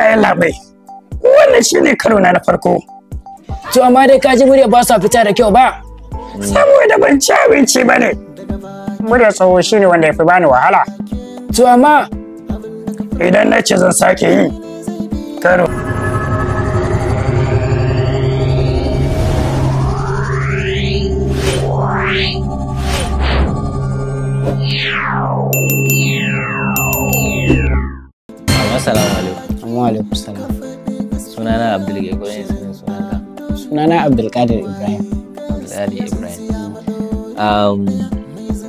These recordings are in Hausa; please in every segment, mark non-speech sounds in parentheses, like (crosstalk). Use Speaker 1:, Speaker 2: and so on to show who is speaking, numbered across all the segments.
Speaker 1: haka labai wannan ne karo na farko to amma dai kaji murya ba sa fita da kyau ba saboda ban ci abinci ba ne murya
Speaker 2: shi ne wanda ya fi bani wahala to amma idan na ce zan sake yi karo
Speaker 1: Assalamu alaikum. alaikum salam. Ibrahim. Um,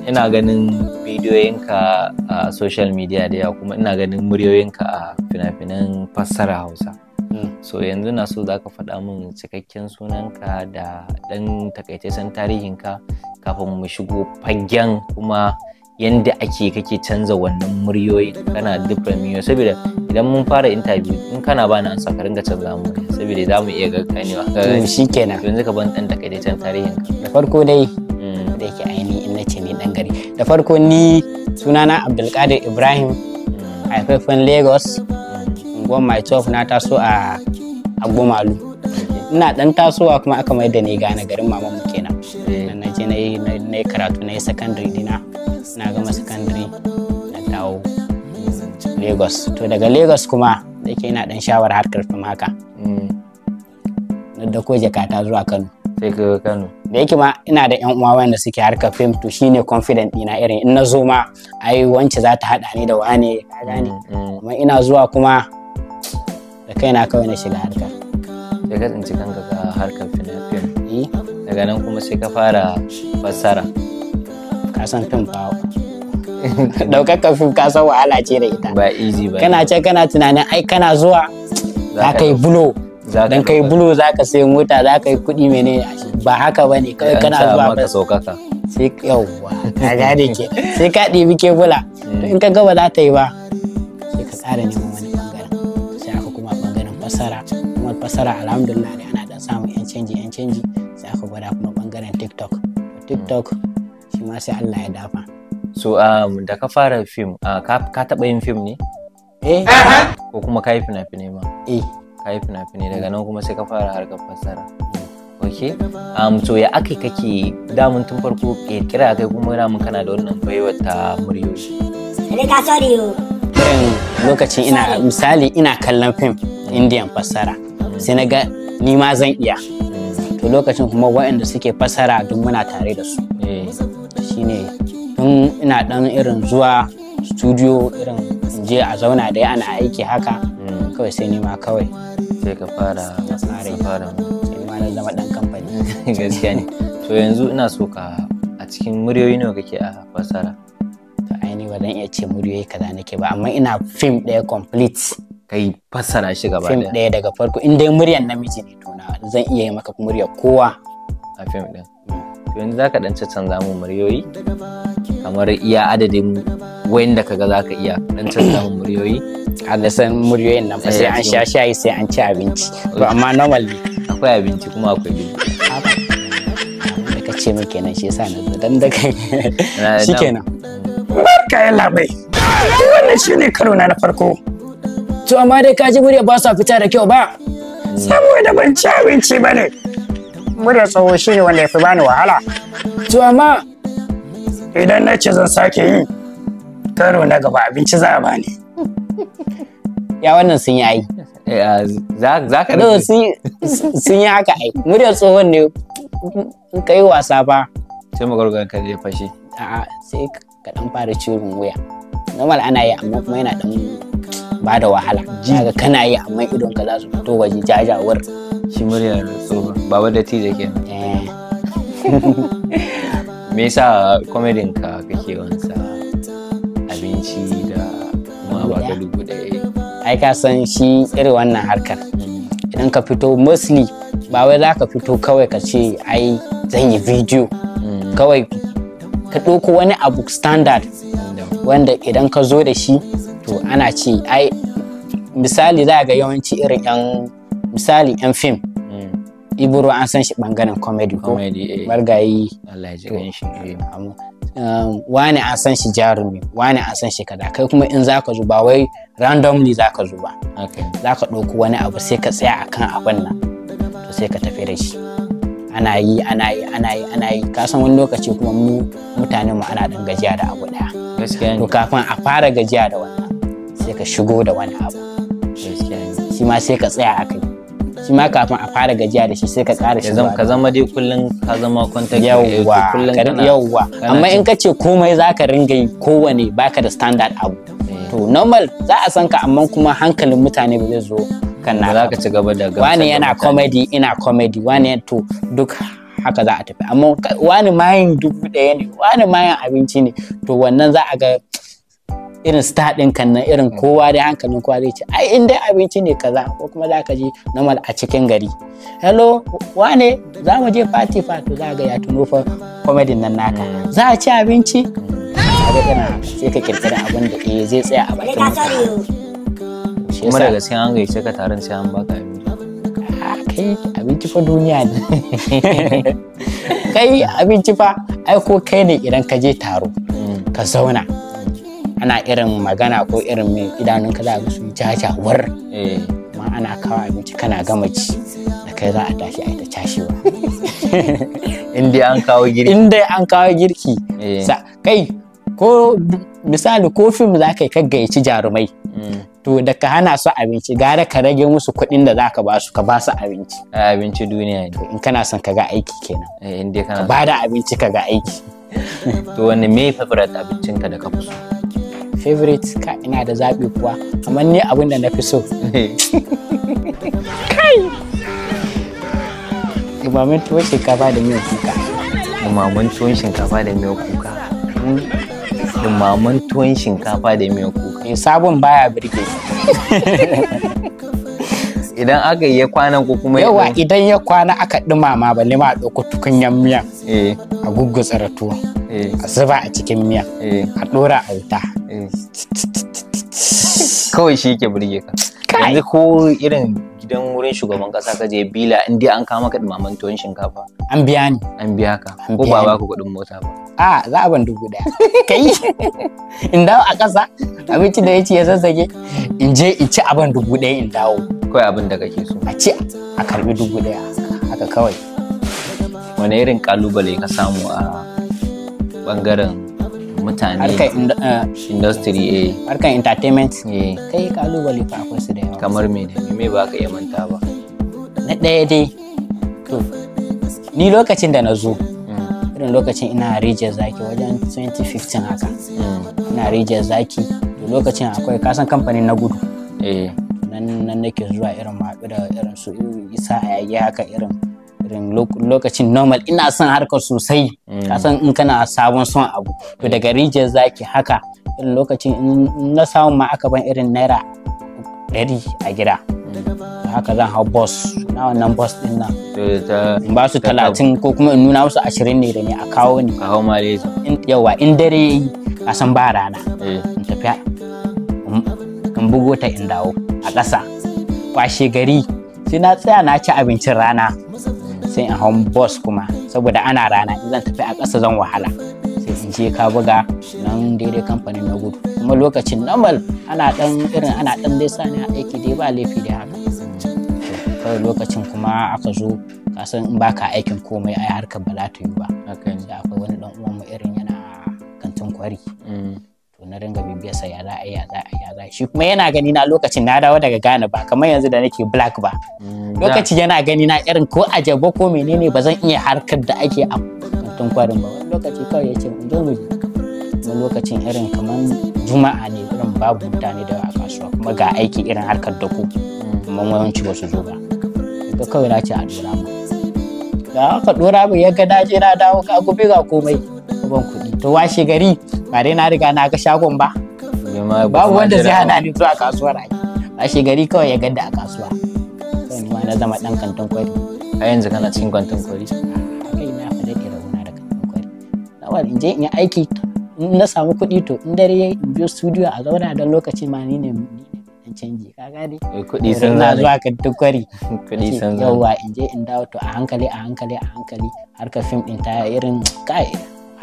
Speaker 1: ina ganin bidiyoyinka a social media da yawa kuma ina ganin muryoyinka a fina-finan fassara Hausa. Hmm. So yanzu na so za ka faɗa min cikakken sunanka da ɗan takaitaccen tarihinka kafin mu shigo fagen kuma yanda ake kake canza wannan muryoyi kana different muryoyi saboda idan mun fara interview in kana ba ni ansa ka ringa canza mu saboda za mu iya ka to shikenan yanzu ka ban dan takaitaccen tarihin da farko dai hmm. da yake ainihin in nace ni dan gari da farko ni sunana Abdulkadir Ibrahim hmm. haifafen Lagos hmm. unguwar my na taso a Agbomalu ina dan tasowa kuma aka mai da ni gane garin mamamu kenan eh. na je na yi karatu na yi secondary dina na gama secondary na dawo lagos to daga lagos kuma da ke ina dan shawara harkar fim haka mm. na da ko jakata zuwa kano sai ka kano da yake ma ina da yan uwa wanda suke harkar fim to shine confident ina irin in na zo ma ai wance za ta hada ni da wane ka gane mm, mm. amma ina zuwa kuma da kaina kawai na shiga harkar sai ka tsinci kanka ga harkar fim eh? daga nan kuma sai ka fara fassara son fim fa daukar (laughs) ka fim ka san wahala ce da ita ba easy ba kana ce kana tunanin ai kana zuwa za ka yi bulo dan kai bulo za ka sayi mota za ka yi kuɗi mene ba haka ba ne kawai kana zuwa ba sai yawwa ka gane ke sai ka ɗibi to eh. in ka gaba za ta yi ba sai ka ƙara neman wani bangaren sai aka kuma bangaren fasara kuma fasara alhamdulillah ne ana dan samun yan canji yan canji sai aka gwada kuma bangaren tiktok tiktok amma sai Allah ya dafa so um, da ka fara fim uh, ka, ka taɓa yin fim ne eh ko kuma ka yi fina-finai ma eh ka yi fina-finai daga nan kuma sai ka fara harkar fassara ok um, so ya aka kake damun tun farko kira kai kuma damun kana da wannan baiwa ta muryoshi ne ka sori lokacin ina misali ina kallon fim indian fassara sai na ga ni ma zan iya to lokacin kuma waɗanda suke fassara, duk muna tare da su eh. shine tun ina dan irin zuwa studio irin je a zauna da ana aiki haka hmm. kawai sai nema kawai sai ka fara masarai fara sai ma na zama dan kamfani (laughs) gaskiya ne to yanzu ina so ka a cikin muryoyi nawa kake a fasara to aini ba zan iya ce muryoyi kaza nake ba amma ina film ɗaya complete kai fasara shi gaba film ɗaya daga farko in dai muryar namiji ne to na zan iya yi maka muryar kowa a film ɗin yanzu za ka ɗan canza mu muryoyi kamar iya adadin wayan da kaga za ka iya ɗan canza mu muryoyi a da san muryoyin nan fa sai an sha eh, shayi sai an ci abinci to amma normal akwai abinci kuma akwai Da ka ce muke kenan shi yasa na dan da kai shi kenan barka ya labai wannan
Speaker 2: shine karo na farko to amma dai ka
Speaker 1: ji murya ba sa fita da kyau ba hmm. saboda ban ci abinci ba ne muryar
Speaker 2: tsawo shi ne wanda ya fi bani wahala to amma idan na ce zan sake yi karo na gaba abinci za a bani
Speaker 1: ya wannan sun yi ai eh, ah, za ka da sun yi haka ai muryar tsohon ne in kai wasa fa sai magwargwar ka zai fashe a'a sai ka dan fara ciwon wuya normal ana yi amma kuma yana dan ba da wahala kana yi amma idon ka za su fito waje jajawar shi muryar tsoho baba da tije ke eh. (laughs) me yasa komedin ka kake wansa abinci da kuma ba da guda ai ka san shi irin wannan harkar hmm. idan ka fito mostly ba wai za ka fito kawai ka ce ai zan yi video hmm. kawai ka ɗauko wani abu standard wanda idan ka zo da shi to ana ce ai misali za ga yawanci irin 'yan misali yan fim mm. ibro an san shi bangaren comedy ko eh. margayi eh, um, wani an san shi jarumi wani an san shi kada kai kuma in zaka ka zuba wai randomly zaka zuba. za zaka ɗauki wani abu sai ka tsaya akan abin nan to sai ka tafi da shi ana yi ana yi ana yi ana yi ka san wani lokaci kuma mu mutane mu ana dan gajiya da abu daya to kafin a fara gajiya da wannan sai ka shigo da wani abu shi ma sai ka tsaya akai shi ma kafin a fara gajiya da shi sai ka ƙara shi ka zama dai kullum ka zama kwantar eh, yauwa yauwa amma in ka ce komai za ka ringa yi kowane baka da standard abu eh. to normal za a san ka amma kuma hankalin mutane ba zai zo kan na ka ci gaba da wani yana comedy ina comedy wani to duk haka za a tafi amma wani mayin duk ɗaya ne wani mayin abinci ne to wannan za a ga irin star ɗin kan nan irin mm. kowa dai hankalin kowa zai ce ai in dai abinci ne kaza ko kuma za ka ji normal a cikin gari hello wane za mu je party party za ga ya tuno fa comedy nan naka mm. za a ci abinci kaga kana sai ka kirkira abin da eh zai tsaya a bakin mutane kuma daga sai gaskiya an gaishe ka taron sai an baka abinci ah, kai abinci fa duniya ne (laughs) kai abinci fa ai ko kai ne idan ka je taro mm. ka zauna ana irin magana ko irin mai idanun ka za ga su jajawar eh. ma ana kawo abinci kana gama ci da kai za a tashi a ta cashewa (laughs) in dai an kawo girki in dai an kawo girki eh. Sa kai ko misali ko fim za ka yi ka gayyaci jarumai mm. to da ka hana su abinci gara ka rage musu kuɗin da za ka ba su ka ba su abinci abinci duniya ne in kana son ka ga aiki kenan eh, in dai kana ba da abinci ka ga aiki (laughs) to wani me favorite abincinka da ka fi so favorite ka ina da zaɓi kuwa amma ni abin da na fi so kai dumamin tuwon shinkafa da miyan kuka dumamin tuwon shinkafa da miyan kuka dumamin tuwon shinkafa da miyan kuka eh, sabon baya birge idan aka yi kwanan ko kuma yawa idan ya kwana aka dumama balle ma ɗauko tukunyan miya eh. a guggutsa ratuwa eh. a zuba a cikin miya a ɗora a wuta kawai shi yake burge ka yanzu ko irin gidan wurin shugaban kasa ka je bila in dai an kawo maka dumaman tuwon shinkafa an biya ni an biya ka ko ba ba ku kudin mota ba a za a ban dubu daya kai in dawo a ƙasa abinci da ya ce ya zazzage in je in ci abin dubu daya in dawo kawai abin da kake so a ci a karbi dubu daya haka kawai wani irin kalubale ka samu a bangaren mutane eh, industry a eh. harkar entertainment eh. kai kalubale fa akwai su da yawa kamar me da me ba ka iya manta ba na ɗaya dai to ni lokacin da na zo hmm. irin lokacin ina rijiyar zaki wajen 2015 haka hmm. ina rijiyar zaki lokacin akwai kasan kamfanin na gudu nan nake zuwa irin maɗu da irin su isa a yage haka irin irin lokacin normal ina son harkar sosai mm. kasan in kana sabon son abu to daga rijiyar zaki haka irin lokacin na samun ma aka ban irin naira ɗari a gida haka zan hau bus na wannan bus din nan in ba su talatin ko kuma in nuna musu ashirin ne da ne a kawo ni a hau malaysia yawa in dare a san ba rana eh. in tafiya in bugo ta in dawo a ƙasa kwashe gari sai na tsaya na ci abincin rana sai in hau bus kuma saboda ana rana in zan tafi a ƙasa zan wahala sai in je ka buga nan daidai kamfanin na gudu kuma lokacin normal ana dan irin ana dan dai sani a aiki dai ba laifi dai haka kawai lokacin kuma aka zo ka san in baka aikin komai ai harkar Bala za ta yi ba akwai wani dan uwan mu irin yana kantin kwari mm. na ringa sa ya za ya za ya za shi kuma yana gani na lokacin na dawo daga Ghana ba kamar yanzu da nake black ba mm, lokaci yana gani na irin ko a jabo ko menene ba zan iya harkar da ake a kantin kwarin ba wani lokaci kawai ya ce zo mu wani lokacin irin kamar juma'a ne irin babu mutane da a kasuwa kuma ga aiki irin harkar da ku kuma yawanci ba su zo ba ga kawai na ce a dora mu da aka dora mu ya ga na je na dawo ka gobe ga komai ban kuɗi to washe gari ba dai na riga na ga shagon ba babu wanda zai hana ni zuwa kasuwar ai a shegari kawai ya gadda a kasuwa sai ma na zama dan kantin kwari a yanzu kana cikin kantin kwari kai na fa dake rauna da kantin kwari lawal in je in yi aiki in na samu kuɗi to in dare in je studio a zauna don lokaci ma ni ne in canji ka gane kuɗi sun na zuwa kantin kwari (laughs) kuɗi sun zama yawa in je in dawo to a hankali a hankali a hankali harkar fim din ta irin kai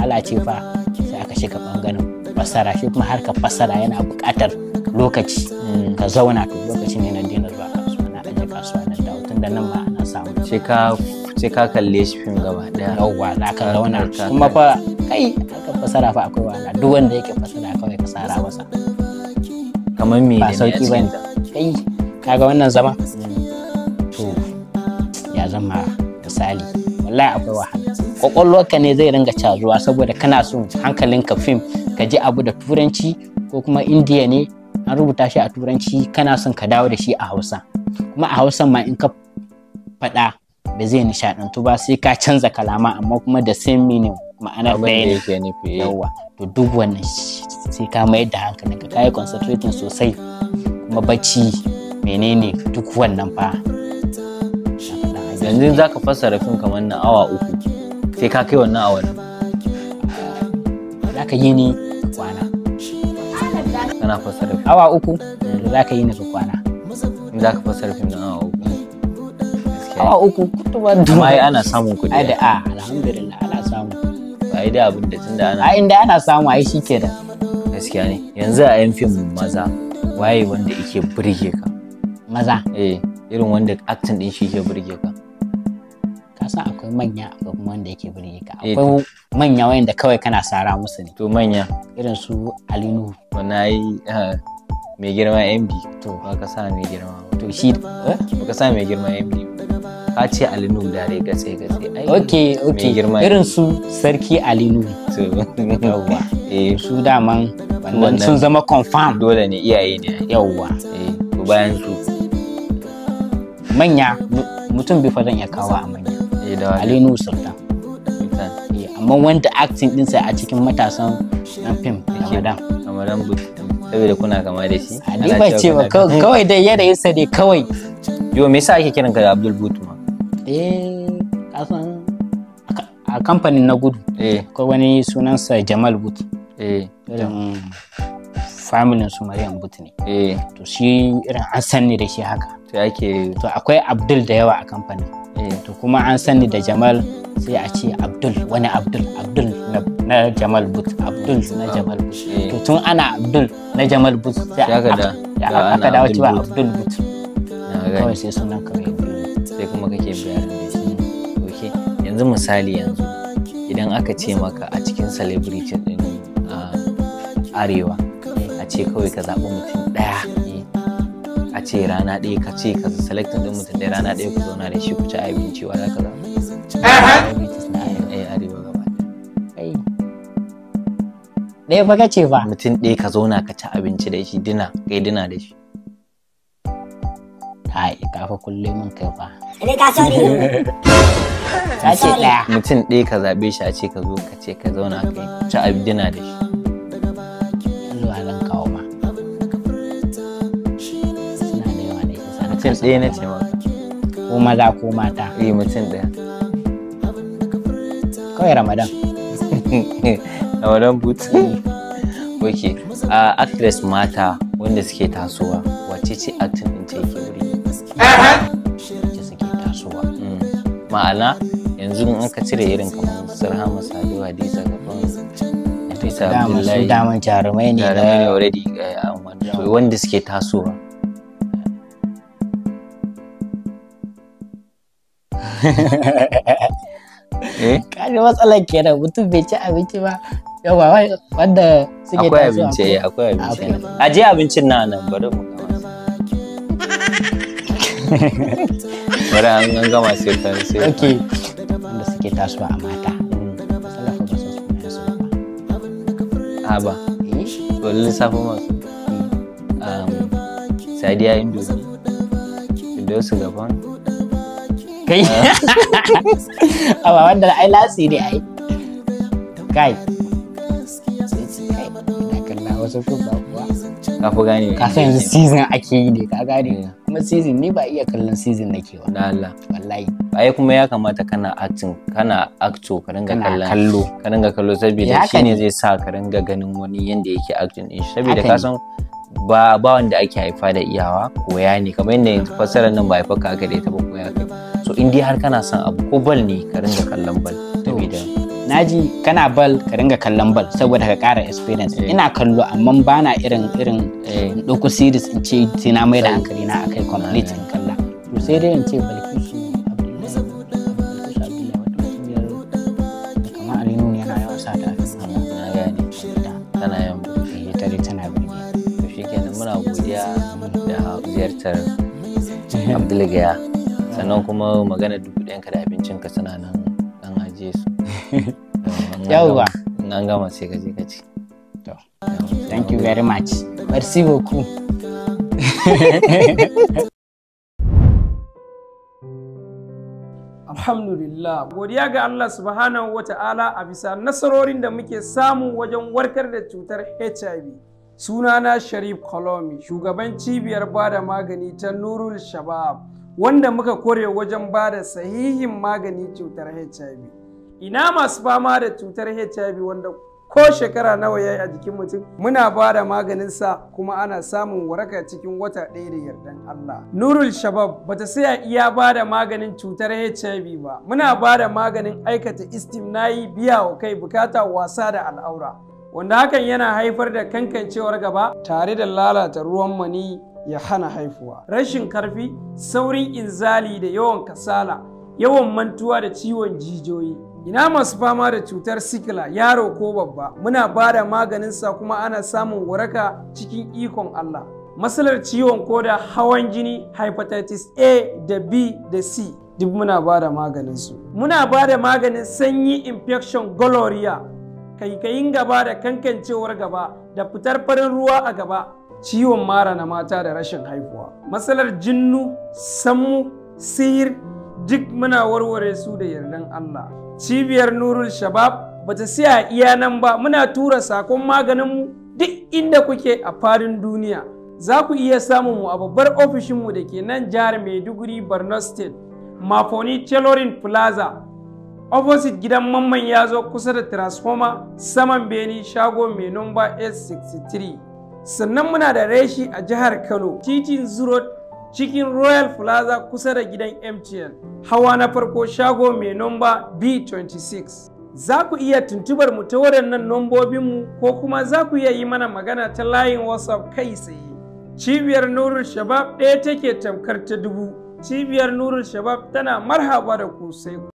Speaker 1: halace fa sai aka shiga bangaren fassara shi kuma harkar fassara yana buƙatar lokaci mm. ka zauna to lokacin ne na daina zuwa kasuwa na aje kasuwa na dawo tun da nan ma na samu sai ka sai ka kalle shi fim gaba daya yawwa za ka zauna kuma fa kai aka fassara fa akwai wahala duk wanda yake fassara kawai ka sara masa kamar me ba sauki bane kai kaga wannan zama mm. to ya zama misali wallahi akwai wahala kwakwalwarka ne zai ringa cazuwa saboda kana son ka fim ka ji abu da turanci ko kuma indiya ne an rubuta shi a turanci kana son ka dawo da shi a hausa kuma a hausa ma in ka faɗa ba zai nishaɗantu ba sai ka canza kalama amma kuma da same meaning ma'ana ke yawa to duk wannan sai ka mayar da hankalin ka yi concentrating sosai kuma bacci menene duk wannan fa yanzu za ka fassara fim kamar na awa uku sai ka kai wannan awon za ka yi ni kwana kana fassara awa uku yanzu eh, za ka yi ni su kwana in za ka fassara fim na awa uku awa uku kuma da ma ana samun kuɗi ai da a ah, alhamdulillah ana samu ba ai da abin da tunda ana ai ah, inda ana samu ai da. gaskiya ne yanzu a yan fim maza waye wanda yake burge ka maza eh irin wanda acting din shi ke burge ka ka san akwai manya wanda yake birge ka eh akwai manya wayanda kawai kana sara musu ne to manya irin su alinu wani yi mai girma mb to baka sa mai girma to shi eh? baka sa mai girma mb ka ce alinu da dai gatse gatse ok ok irin su sarki alinu to yawwa eh. su daman wannan sun zama confirm dole ne iyaye ne yawwa to bayan su manya mutum bi fa zan iya kawo a manya alinu sultan amma wanda acting dinsa a cikin matasan dan fim ramadan ramadan saboda kuna kama da shi ni ba ce ba kawai dai yasa dai kawai yo me yasa ake kiran ka abdul butu ma eh kasan a kamfanin na gudu eh. ko wani sunansa jamal butu eh family su Maryam Butu ne. Eh. To shi irin an sanni da shi haka. To ake. To akwai Abdul da yawa a kamfanin. Eh. To kuma an sanni da Jamal sai a ce Abdul. abdul wani abdul abdul na jamal but abdul na jamal but to tun ana abdul na jamal but sai aka dawo cewa abdul but kawai sai sunan kawai sai kuma kake shi ok yanzu misali yanzu idan aka ce maka a cikin celebrity din arewa a ce kawai ka zaɓi mutum ɗaya eh, a ce rana ɗaya ka ce ka selectin ɗin mutum ɗaya rana ɗaya ku zauna da shi ku ci abinci wa za ka zama ɗaya ba ka ce ba mutum ɗaya ka zauna ka ci abinci da shi dina kai dina da shi ai ka fa kulle mun kai fa
Speaker 2: ne eh, ka sori ka ce ɗaya
Speaker 1: mutum ɗaya ka zaɓe shi a ce ka zo ka ce ka zauna ka ci abinci dina da shi Allah halan kawo ma suna da yawa ne mutum ɗaya na ce maka ko maza ko mata eh mutum ɗaya kawai ramadan (laughs) da wannan boot ok a actress mata wanda suke tasowa wacce ce acting din ce yake wuri wacce suke tasowa hmm. ma'ana yanzu in ka cire irin kamar sarhama saduwa disa gaban Nafisa Abdullahi. Daman jarumai ne. Jarumai ne already wanda suke tasowa. (laughs) Eh? Kaji matsalar kenan mutum bai ci abinci ba yawa wanda suke eh, akwai abinci akwai abinci a je abincin na nan bari mu gama (laughs) bari an gama sai kan sai okay wanda suke tasowa a mata salafa ba a ba eh? wani lissafi masu um, sadiya indomi da su gaban kai awa (laughs) (laughs) wanda ai lasi ne ai kai fim ba kuwa ka fi gane ka san yanzu season ake yi dai ka gane hmm. kuma season ni ba iya kallon season ke ba na Allah wallahi ai kuma ya kamata kana acting kana acto ka ringa kallon kallo ka ringa kallo saboda shine zai sa ka ringa ganin wani yanda yake acting din saboda ka san ba ba wanda ake haifa da iyawa koya ne kamar yadda yanzu fassarar nan ba haifa ka aka da ita ba koya ka so in dai har kana son abu ko bal ne ka ringa kallon bal saboda naji kana bal ka ringa kallon bal saboda ka kara experience eh. ina kallo amma ba na irin irin eh. ɗauko series in ce sai na mai da hankali na akai complete ah, in kalla to sai dai in ce balkisu ziyartar abdulgaya sannan kuma magana dubu ɗayan ka da abincinka suna nan yawwa Na gama sai gaji gaji. to thank you very much merci beaucoup (laughs)
Speaker 2: Alhamdulillah, godiya ga Allah subhanahu wa ta'ala a bisa nasarorin da muke samu wajen warkar da cutar HIV. Sunana Sharif Kolomi, shugaban cibiyar bada magani ta Nurul Shabab, wanda muka kore wajen bada sahihin magani cutar HIV. ina masu fama da cutar hiv wanda ko shekara nawa ya yi a jikin mutum muna ba da sa kuma ana samun waraka cikin wata ɗaya da yardan Allah. Nurul Shabab bata saya iya ba da maganin cutar HIV ba, muna ba da maganin aikata istimnayi biya wa kai bukata wasa da al'aura. Wanda hakan yana haifar da kankancewar gaba tare da lalata ruwan mani ya hana haifuwa. Rashin karfi, saurin inzali da yawan kasala, yawan mantuwa da ciwon jijiyoyi. ina masu fama da cutar sikila yaro ko babba muna ba da maganinsa kuma ana samun waraka cikin ikon Allah matsalar ciwon koda hawan jini hepatitis A da B da C duk muna ba da maganinsu muna ba da maganin sanyi infection gonorrhea kaikayin gaba da kankancewar gaba da fitar farin ruwa a gaba ciwon mara na mata da rashin haihuwa matsalar jinnu sammu sihir duk muna warware su da yardan Allah cibiyar nurul shabab ba ta siya iya nan ba muna tura sakon maganinmu duk inda kuke a fadin duniya za ku iya samun mu a babbar ofishinmu da ke nan jihar maiduguri borno state mafoni tailoring plaza opposite gidan mamman ya zo kusa da transformer saman beni shago mai nomba S63. sannan muna da reshi a jihar kano titin zurot cikin royal plaza kusa da gidan mtn hawa na farko shago mai nomba b26 za ku iya tuntubar mu ta waɗannan nombobinmu ko kuma za ku iya yi mana magana ta layin whatsapp kai tsaye cibiyar nurul shabab ɗaya take tamkar ta dubu cibiyar nurul shabab tana marhaba da ku sai